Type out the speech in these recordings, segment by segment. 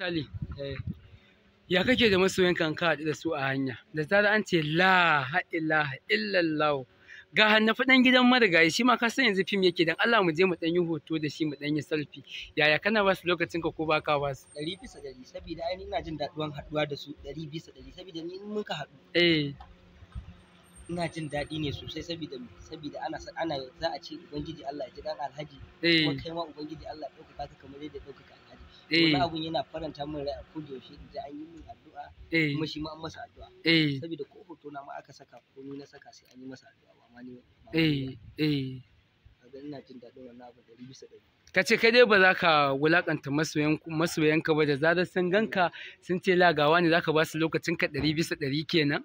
Sali. Eh, ya kake da masoyan kan ka da su a hanya? Da zara an ce la ilaha illallah. Ga hannu dan gidan marigayi shi ma ka san yanzu fim yake dan Allah mu je mu dan yi hoto da shi mu dan yi selfie. Yaya kana ba su lokacin ka ko ba ka ba su? Ɗari saboda ai ina jin daɗuwan haɗuwa da su ɗari saboda ni in muka haɗu. Eh. ina jin daɗi ne sosai saboda saboda ana ana za a ce ubangiji Allah ya ji dan alhaji eh. kuma kai ma ubangiji Allah ya ɗaukaka ka kamar yadda ɗaukaka wani eh. abun yana faranta min rai a kudu shi da an yi min addu'a eh. kuma shi ma an masa addu'a eh. saboda ko hoto na ma aka saka ko ni na saka sai an yi masa addu'a ba ma ni eh eh kaga ina jin daɗin wannan abu ɗari bisa ɗari ka ce kai dai ba za ka wulakanta masoyanka ba da zarar sun ganka sun ce lagawa ne za ka ba su lokacin ka ɗari bisa ɗari kenan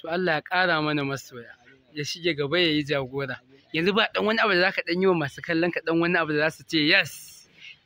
to Allah ya ƙara mana masoya ya shige gaba ya yi jagora yanzu ba ɗan wani abu da za ka ɗan yi wa masu kallon ka ɗan wani abu da za su ce yes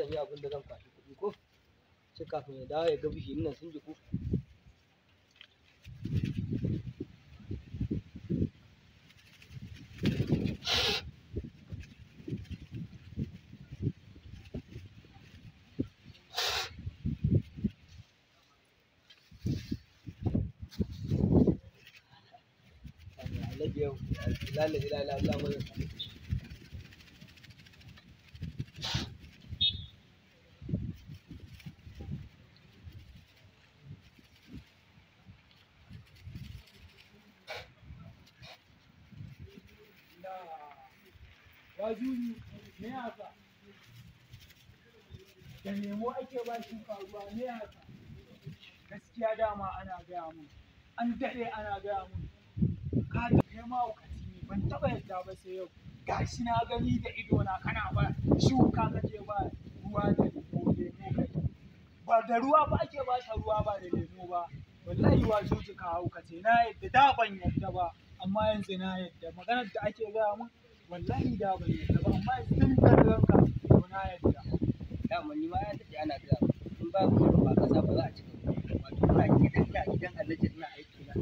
zan yi abin da zan kwashi kuɗi ko sai kafin ya dawo ya ga bishiyin nan sun jiku Lalace lalace lalace lalace juju me haka da nemo ake ba shuka ruwa me haka gaskiya dama ana gaya mun an daɗe ana gaya mun ka da kai ma ne ban taɓa yadda ba sai yau gashi na gani da ido na kana ba shuka kake ba ruwa da lemo lemo ba da ruwa ba ake ba ta ruwa ba da lemo ba wallahi wa juju ka hauka ce na yadda da ban yadda ba amma yanzu na yadda maganar da ake gaya mun wallahi da ba ne ba amma sun kallon ka ko na ya Da, mun ni ma ya tafi ana ga in ba ku ba kasa ba za a cika wato ina gidan da gidan alhaji ina aiki na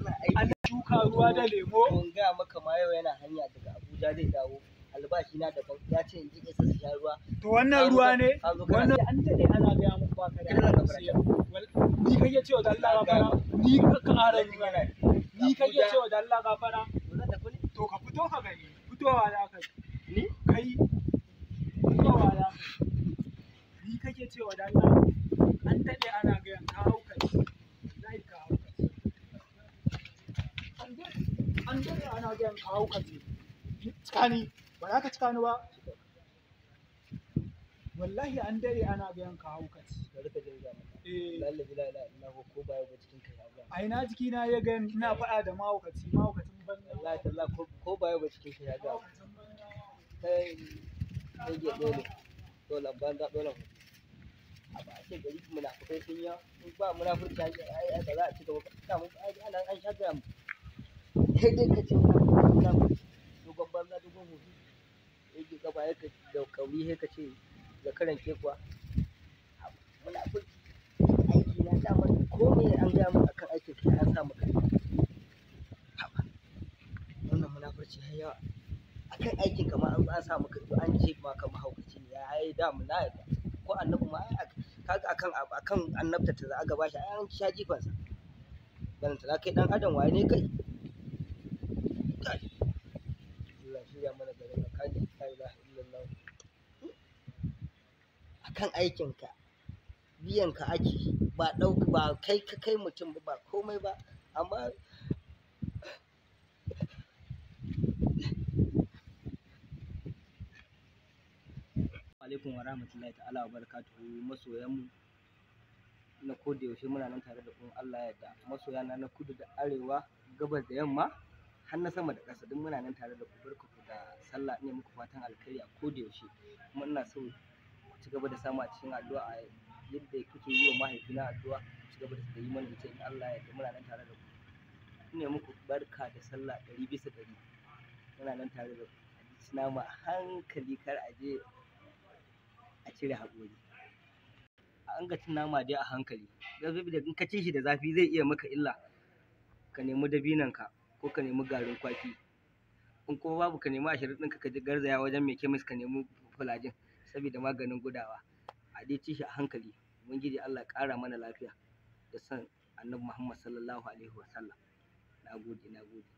ina aiki ana shuka ruwa da lemo mun ga maka ma yau yana hanya daga Abuja zai dawo albashi na da daban ya ce in ji isa su sha ruwa to wannan ruwa ne wannan an dade ana ga mu ba ka da ni kake ce da Allah gafara ni ka ƙara ni ni kake cewa da Allah gafara to ka fito ka gani mutuwa da aka ni kai mutuwa da ni kake cewa da Allah an dade ana gayan ka hauka zai ka hauka an dade ana gayan ka hauka tsani ba za ka cika ba wallahi an dare ana biyan ka hauka bari ka jirga eh. lalle ko ya ga jiki na ya ga ina faɗa da mahaukaci wallahi talla ko ba yau ba cikin shi ya ga kai rage dole dole banza dole a ba ce gari munafukai sun ya in ba munafurci ai ai ba za a ci gaba ka mu ai ana an sha gam sai dai ka ce munafukai dogon banza dogon hutu yake gaba ya da kauri sai ka ce da karan ke kuwa munafurci aiki na sa maka komai an ga maka akan aikin ka an sa maka muna barci har yawa a kan aikin kamar an an sa maka an ce ma kamar haukaci ne ya yi da mu na yarda ko annabi ma ai kaga akan akan annabta ta za a gaba shi an sha jifan sa dan ta kai dan adam waye ne kai Allah shirya mana garin ka kaji la ilaha illallah akan aikin ka biyan ka ake ba dauka ba kai ka kai mutum ba komai ba amma alaikum wa rahmatullahi ta'ala wa barakatuhu masoyan mu na koda yaushe muna nan tare da kun Allah ya da masoya na na kudu da arewa gabas da yamma har na sama da ƙasa duk muna nan tare da ku barkaku da sallah ina muku fatan alkhairi a koda yaushe kuma ina so ku ci gaba da samu a cikin addu'a a yadda kuke yi wa mahaifina addu'a ku ci gaba da yi mana ita in Allah ya da muna nan tare da ku ina muku barka da sallah ɗari bisa ɗari muna nan tare da ku a hankali kar aje a cire haƙori a anga cin nama dai a hankali don saboda in ka ci shi da zafi zai iya maka illa ka nemi dabinan ka ko ka nemi garin kwaki in kuma babu ka nemi ashirin ɗinka ka garzaya wajen mai kemis ka nemi fulajin saboda maganin gudawa a dai ci shi a hankali ubangiji Allah ƙara mana lafiya da san annabi Muhammad sallallahu alaihi wasallam na gode na gode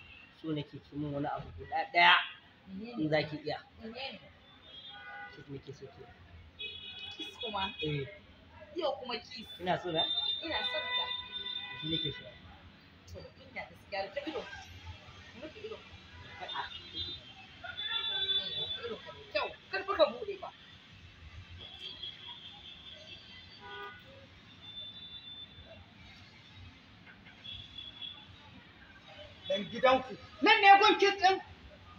so ke ki wani abu guda daya in za iya kis ki kis kuma eh yau kuma kis ina so na ina so ka shi nake so to inda ido ido ido kyau karfa ka gidanku nan ne gun kitsin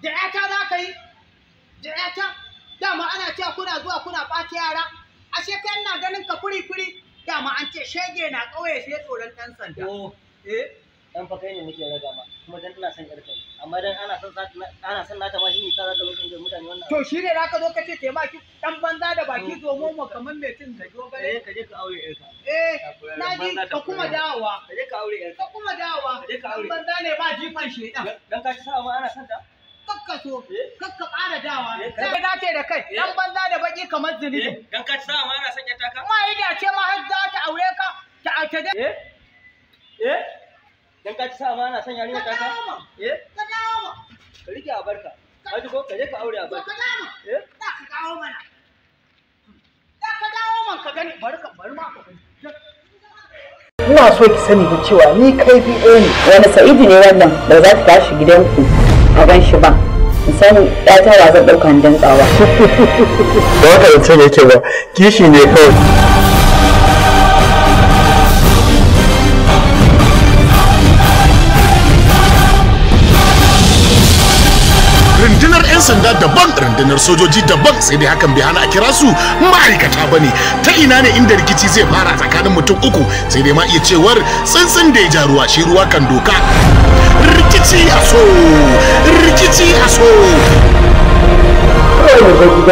da yata za ka yi da yata dama ana cewa kuna zuwa kuna ɓata yara a kai ina ganin ka furi furi dama an ce shege na ƙauye sai tsoron ɗan sanda oh, eh dan fa kai ne nake raga ma kuma dan ina son ƙarfi amma dan ana son ana son nata ma shine sa zaka lokacin da mutane wannan to shi ne zaka zo ka ce taimaki dan banza da baki domin mm. mu kamar mai cin da jogare eh, ka je ka aure yarka eh na ji ka kuma dawowa ka je ka aure yarka ka kuma dawowa ka je ka aure banza ne ba jifan shedan dan ka ci sa'a ma ana santa kakka so eh. kakka ƙara dawa sai eh, dace da kai dan banza da baki kamar zunubi dan ka ci sa'a ma ana sanya taka ma yi ce ma har za ta aure ka ta ta eh eh dan ka ci sa'a ma ana sanya rinya taka eh ka dawo ma ka rike a barka Aji ko ka je ka aure a barka. Ka dawo ma. Eh? Ka dawo mana. ina so ki sani da cewa ni kai bi ne wani sa'idi ne wannan da za ki tashi gidanku a gan shi ba san ya ta wa zan ɗaukan dan tsawa da wata yake ba kishi ne kawai sanda daban rundunar sojoji daban sai dai hakan bai hana a kira su ma'aikata bane ta ina ne inda rikici zai fara tsakanin mutum uku sai dai ma iya cewar tsantsan da ya ja ruwa shi ruwa kan doka rikici a so rikici a so kawai da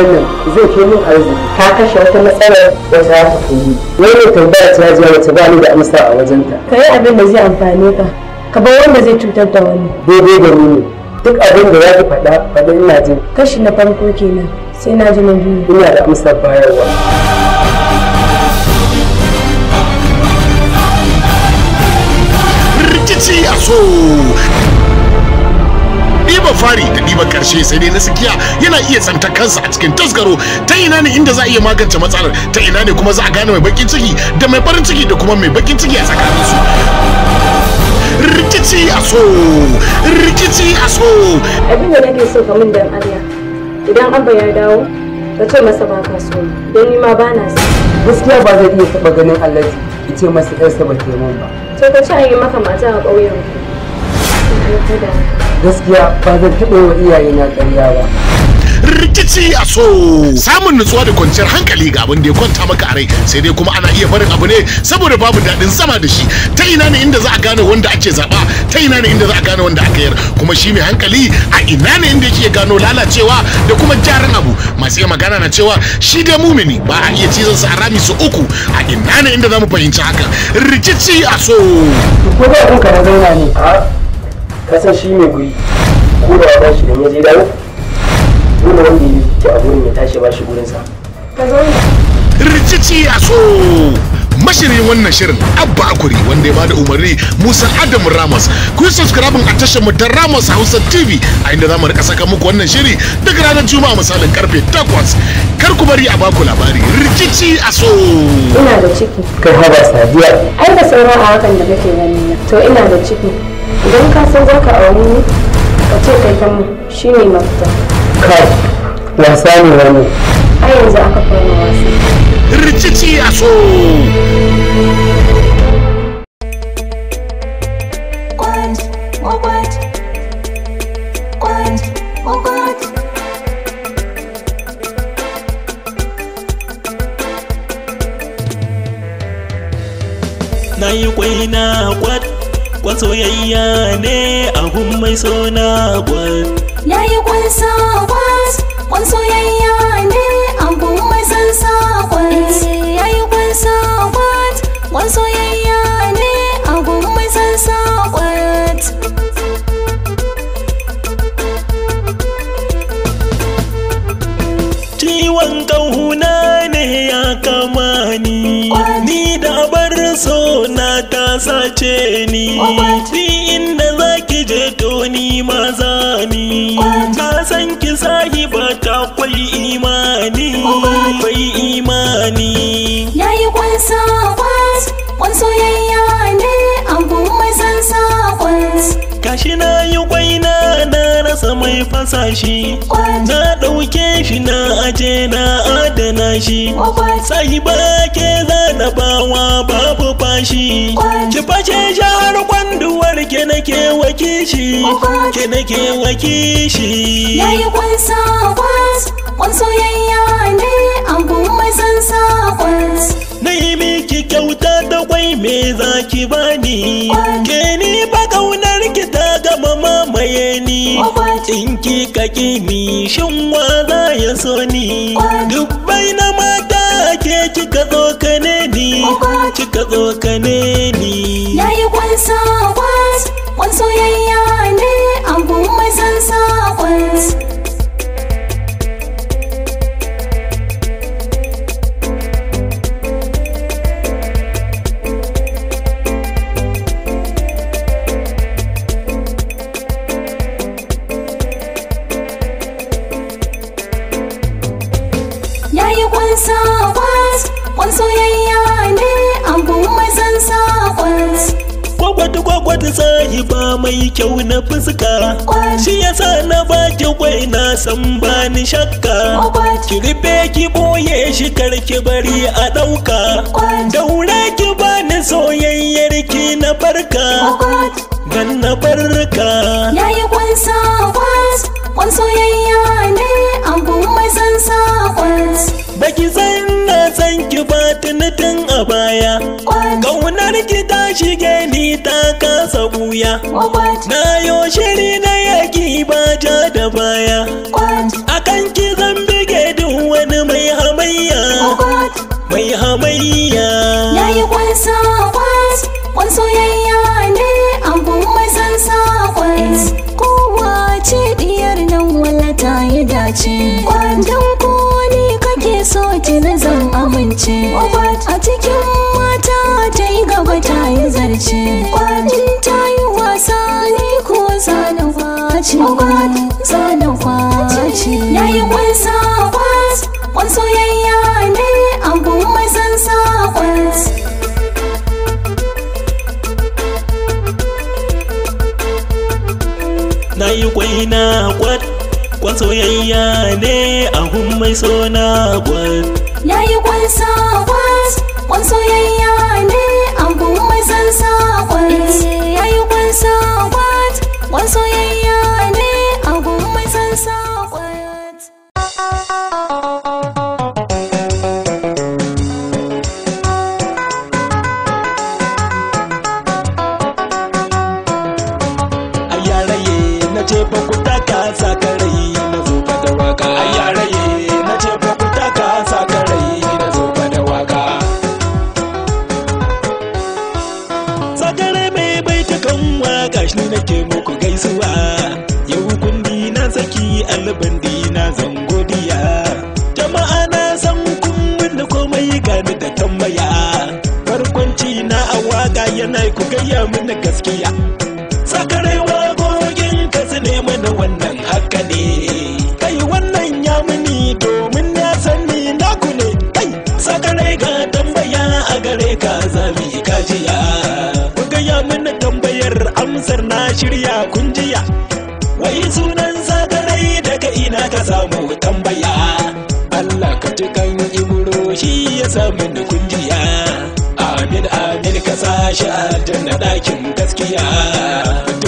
zai ke min arziki ta kashe wata matsalar wata ta tafi yi wani tambaya ta jiya wata bani da amsa a wajenta ka yi abin da zai amfane ka ka bar wanda zai cutar da wani dogo da ni ne duk abin da ya fi faɗa faɗa ina jin kashi na farko kenan sai na ji na biyu ina da amsar bayarwa rikici a so ɗiba fari da ɗiba ƙarshe sai dai na sikiya yana iya tsantar kansa a cikin tasgaro ta ina ne inda za a iya magance matsalar ta ina ne kuma za a gane mai bakin ciki da mai farin ciki da kuma mai bakin ciki a tsakaninsu rikici a so rikici a so abin da nake so ka min da idan abba ya dawo ka ce masa ba ka so ni ma ba na so gaskiya ba zai iya taba ganin Allah ki ce masa yarsa ba ke mun ba to ka ce a yi maka mata a ƙauyen ku gaskiya ba zan taɓa wa iyayena ƙarya ba rikici a so samun nutsuwa da kwanciyar hankali ga abin da ya kwanta maka a rai sai dai kuma ana iya barin abu ne saboda babu daɗin zama da shi ta ina ne inda za a gane wanda ake zaɓa ta ina ne inda za a gane wanda aka yar kuma shi mai hankali a ina ne inda yake gano lalacewa da kuma jaran abu masu iya magana na cewa shi dai mumini ba a iya cizon sa a rami su uku a ina ne inda za mu fahimci haka rikici a so. Gobe abin ka na zauna ne. Ka san shi mai guri. Ko da ba shi da ya zai dawo. nuna wanda ya ci a gurin ya tashi ba shi gurinsa. Rikici a so mashirin wannan shirin abba akuri wanda ya bada umarni musa adam ramos ku yi subscribing a tashar mu ta ramos hausa tv a inda za mu rika saka muku wannan shiri daga ranar juma'a misalin karfe 8 kar ku bari a baku labari rikici a so ina da ciki kai haba sadiya har da sauran a hakan da kake gani to ina da ciki idan ka san za ka aure ni ka ce kai kan shine mafita kai wasa ne wani a yanzu aka fara wasa rikici a so Na yi kwai na kwat, kwat soyayya ne a mai na kwat. ya yi kwansa kwas kun soyayya ne a kuma san sa kwas ya yi kwansa kwas kun soyayya ne a kuma san sa kwas ciwon kahuna ne ya kama ni ni da bar so na ta sace ni ni inda zaki je to ni maza fasashi fasa na ɗauke shi na aje na adana shi sahiba ke zana bawa babu fashi ki fashe har kwanduwar ke nake waki shi ke nake waki shi yayi kwansa kwas kwanso yayya ne an kuma ka kimi shin wa za ya so ni dubbai na mata ke kika tsokane ni kika tsokane ni soyayya ne abun mazan saƙon gwagwata gwagwata sahiba mai kyau na fuska shi yasa na baki kwai na san ba ni shakka ki rufe ki boye shi karki bari a ɗauka daure ki ba ni soyayyar ki na barka gan na barka yayi kwansa kwas kwan soyayya ne a gumma san sa Gonar gida shige ni ta kasa buya. Na yo shiri na yaki ba ja da baya. Akan ki zan bige duk wani mai hamayya. Mai hamayya. Ya yi kwansa kwas, kwan soyayya ne abu mai sansa kwas. Kowa ce diyar nan wala ta yi dace. Kwan don ko ni kake so ki na zan amince. soyayya ne a mai na gwal ya yi gwal gwas, gwal soyayya ne a mai san gwas. ya yi gwal gwas, gwal soyayya ne a mai san gwas. a yaraye na jefa kuta ka zakar gaya mana gaskiya sakarai gogin ka su ne mana wannan haka ne kai wannan ya muni domin na na naku ne kai sakarai ga tambaya a gare ka zami kajiya ku gaya mana tambayar amsar na shirya kun jiya wai sunan sakarai daga ina ka samu shi aljanna ɗakin gaskiya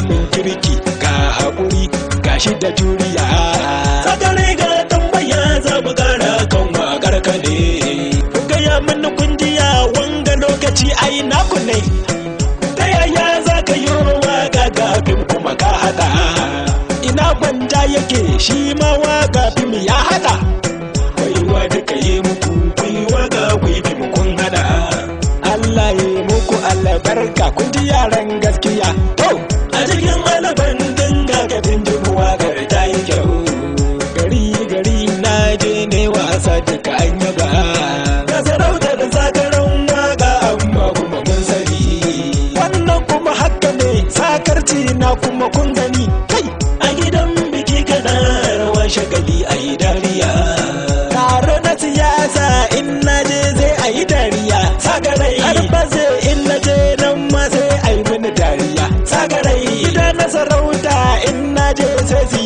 mutumin kirki ga haƙuri ga shi da juriya sakare ga tambaya za mu ƙara kan waƙar ka ne gaya mana kungiya wanga lokaci ai naku ne ta yaya za ka yi ga gafin kuma ka haɗa ina banja yake shi ma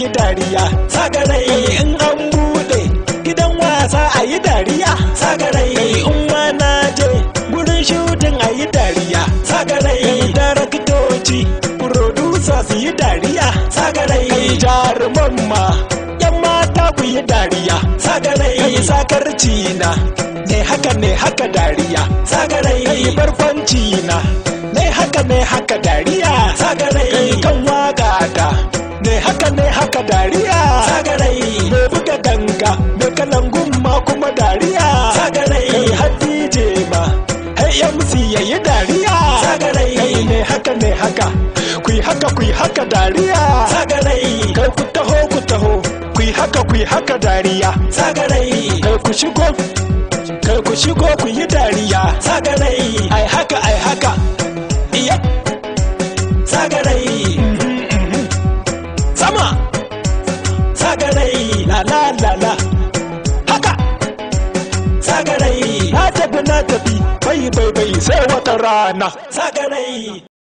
yi dariya sagarai in an bude gidan wasa a yi dariya sagarai in ma na je gurin shudin a yi dariya sagarai daraktoci producer su yi dariya sagarai jaruman ma yan mata ku yi dariya sagarai sakar cina ne haka ne haka dariya sagarai barkwanci na ne haka ne haka dariya sagarai kan waka ta dariya sagarai me buga danga me kalan gumma kuma dariya sagarai kai haddi je ma hai ya musi yayi dariya sagarai kai ne haka ne haka ku yi haka ku yi haka dariya sagarai kai ku taho ku taho ku yi haka ku yi haka dariya sagarai kai ku shigo kai ku shigo ku yi dariya sagarai ai haka ai sai wata rana sagarai